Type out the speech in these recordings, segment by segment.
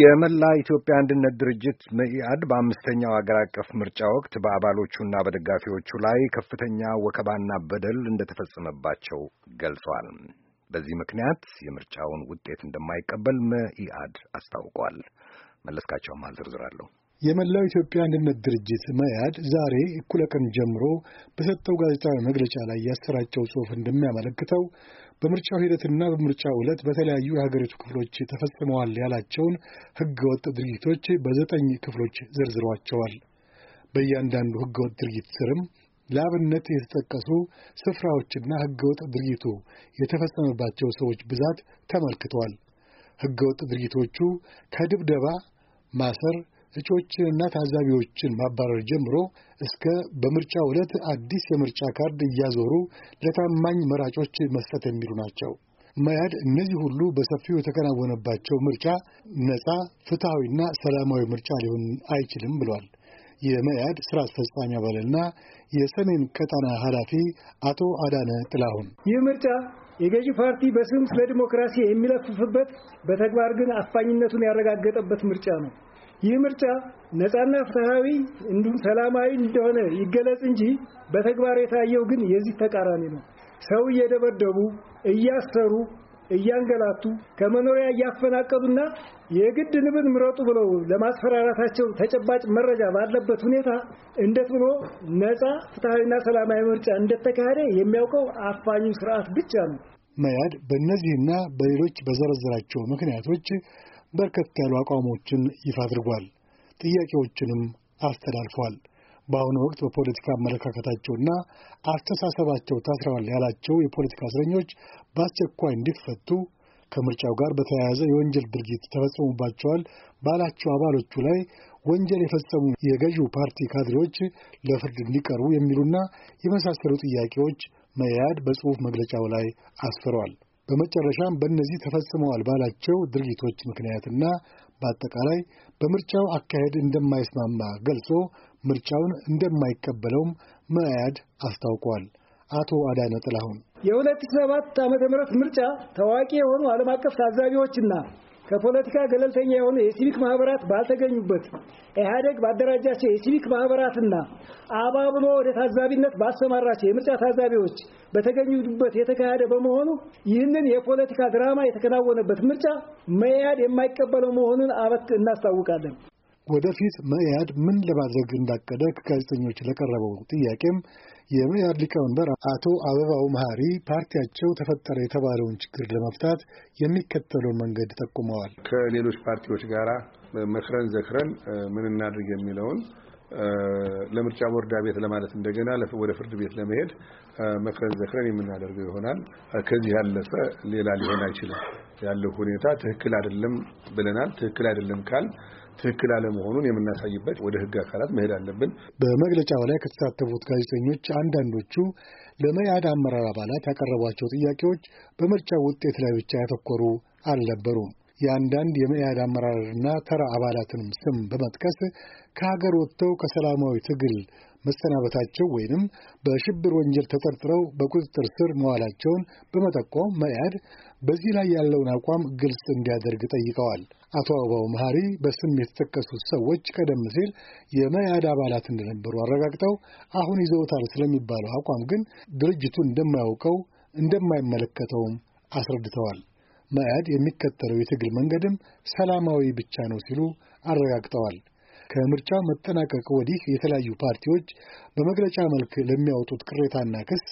የመላ ኢትዮጵያ አንድነት ድርጅት መኢአድ በአምስተኛው አገር አቀፍ ምርጫ ወቅት በአባሎቹና በደጋፊዎቹ ላይ ከፍተኛ ወከባና በደል እንደተፈጸመባቸው ገልጿል። በዚህ ምክንያት የምርጫውን ውጤት እንደማይቀበል መኢአድ አስታውቋል። መለስካቸውም ዝርዝር የመላው ኢትዮጵያ አንድነት ድርጅት መያድ ዛሬ እኩለ ቀን ጀምሮ በሰጠው ጋዜጣዊ መግለጫ ላይ ያሰራጨው ጽሑፍ እንደሚያመለክተው በምርጫው ሂደትና በምርጫው ዕለት በተለያዩ የሀገሪቱ ክፍሎች ተፈጽመዋል ያላቸውን ህገወጥ ድርጊቶች በዘጠኝ ክፍሎች ዘርዝሯቸዋል። በእያንዳንዱ ህገወጥ ድርጊት ስርም ለአብነት የተጠቀሱ ስፍራዎችና ህገወጥ ድርጊቱ የተፈጸመባቸው ሰዎች ብዛት ተመልክቷል። ህገወጥ ድርጊቶቹ ከድብደባ ማሰር እጩዎችንና ታዛቢዎችን ማባረር ጀምሮ እስከ በምርጫ ዕለት አዲስ የምርጫ ካርድ እያዞሩ ለታማኝ መራጮች መስጠት የሚሉ ናቸው። መያድ እነዚህ ሁሉ በሰፊው የተከናወነባቸው ምርጫ ነፃ ፍትሐዊና ሰላማዊ ምርጫ ሊሆን አይችልም ብሏል። የመያድ ስራ አስፈጻሚ አባልና የሰሜን ቀጠና ኃላፊ አቶ አዳነ ጥላሁን ይህ ምርጫ የገዢ ፓርቲ በስም ስለ ዲሞክራሲ የሚለፍፍበት በተግባር ግን አፋኝነቱን ያረጋገጠበት ምርጫ ነው። ይህ ምርጫ ነፃና ፍትሃዊ እንዲሁም ሰላማዊ እንደሆነ ይገለጽ እንጂ በተግባር የታየው ግን የዚህ ተቃራኒ ነው። ሰው እየደበደቡ እያሰሩ እያንገላቱ ከመኖሪያ እያፈናቀሉና የግድ ንብን ምረጡ ብለው ለማስፈራራታቸው ተጨባጭ መረጃ ባለበት ሁኔታ እንዴት ብሎ ነፃ ፍትሐዊና ሰላማዊ ምርጫ እንደተካሄደ የሚያውቀው አፋኙ ስርዓት ብቻ ነው። መያድ በእነዚህና በሌሎች በዘረዘራቸው ምክንያቶች በርከት ያሉ አቋሞችን ይፋ አድርጓል። ጥያቄዎችንም አስተላልፏል። በአሁኑ ወቅት በፖለቲካ አመለካከታቸውና አስተሳሰባቸው ታስረዋል ያላቸው የፖለቲካ እስረኞች በአስቸኳይ እንዲፈቱ ከምርጫው ጋር በተያያዘ የወንጀል ድርጊት ተፈጽሞባቸዋል ባላቸው አባሎቹ ላይ ወንጀል የፈጸሙ የገዢው ፓርቲ ካድሬዎች ለፍርድ እንዲቀርቡ የሚሉና የመሳሰሉ ጥያቄዎች መያድ በጽሑፍ መግለጫው ላይ አስፍረዋል። በመጨረሻም በእነዚህ ተፈጽመዋል ባላቸው ድርጊቶች ምክንያትና በአጠቃላይ በምርጫው አካሄድ እንደማይስማማ ገልጾ ምርጫውን እንደማይቀበለውም መያድ አስታውቋል። አቶ አዳነ ጥላሁን የ2007 ዓመተ ምህረት ምርጫ ታዋቂ የሆኑ ዓለም አቀፍ ታዛቢዎችና ከፖለቲካ ገለልተኛ የሆኑ የሲቪክ ማህበራት ባልተገኙበት ኢህአዴግ ባደራጃቸው የሲቪክ ማህበራትና አባብሎ ወደ ታዛቢነት ባሰማራቸው የምርጫ ታዛቢዎች በተገኙበት የተካሄደ በመሆኑ ይህንን የፖለቲካ ድራማ የተከናወነበት ምርጫ መያድ የማይቀበለው መሆኑን አበት እናስታውቃለን። ወደፊት መኢአድ ምን ለማድረግ እንዳቀደ ከጋዜጠኞች ለቀረበው ጥያቄም የመኢአድ ሊቀመንበር አቶ አበባው መሐሪ ፓርቲያቸው ተፈጠረ የተባለውን ችግር ለመፍታት የሚከተለውን መንገድ ጠቁመዋል። ከሌሎች ፓርቲዎች ጋራ መክረን ዘክረን ምን እናድርግ የሚለውን ለምርጫ ቦርዳ ቤት ለማለት እንደገና ወደ ፍርድ ቤት ለመሄድ መክረን ዘክረን የምናደርገው ይሆናል። ከዚህ ያለፈ ሌላ ሊሆን አይችልም። ያለው ሁኔታ ትክክል አይደለም ብለናል። ትክክል አይደለም ካል ትክክል አለመሆኑን የምናሳይበት ወደ ህግ አካላት መሄድ አለብን። በመግለጫው ላይ ከተሳተፉት ጋዜጠኞች አንዳንዶቹ ለመያድ አመራር አባላት ያቀረቧቸው ጥያቄዎች በምርጫው ውጤት ላይ ብቻ ያተኮሩ አልነበሩም። የአንዳንድ የመኢአድ አመራርና ተራ አባላትንም ስም በመጥቀስ ከሀገር ወጥተው ከሰላማዊ ትግል መሰናበታቸው ወይንም በሽብር ወንጀል ተጠርጥረው በቁጥጥር ስር መዋላቸውን በመጠቆም መኢአድ በዚህ ላይ ያለውን አቋም ግልጽ እንዲያደርግ ጠይቀዋል። አቶ አበባው መሐሪ በስም የተጠቀሱት ሰዎች ቀደም ሲል የመኢአድ አባላት እንደነበሩ አረጋግጠው አሁን ይዘውታል ስለሚባለው አቋም ግን ድርጅቱ እንደማያውቀው እንደማይመለከተውም አስረድተዋል። ማያድ የሚከተለው የትግል መንገድም ሰላማዊ ብቻ ነው ሲሉ አረጋግጠዋል። ከምርጫው መጠናቀቅ ወዲህ የተለያዩ ፓርቲዎች በመግለጫ መልክ ለሚያወጡት ቅሬታና ክስ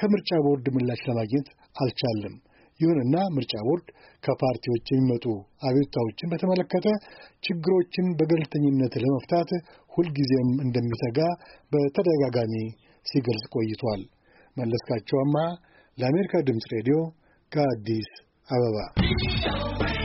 ከምርጫ ቦርድ ምላሽ ለማግኘት አልቻለም። ይሁንና ምርጫ ቦርድ ከፓርቲዎች የሚመጡ አቤቱታዎችን በተመለከተ ችግሮችን በገለልተኝነት ለመፍታት ሁልጊዜም እንደሚተጋ በተደጋጋሚ ሲገልጽ ቆይቷል። መለስካቸው አማሃ ለአሜሪካ ድምፅ ሬዲዮ ከአዲስ 好不好？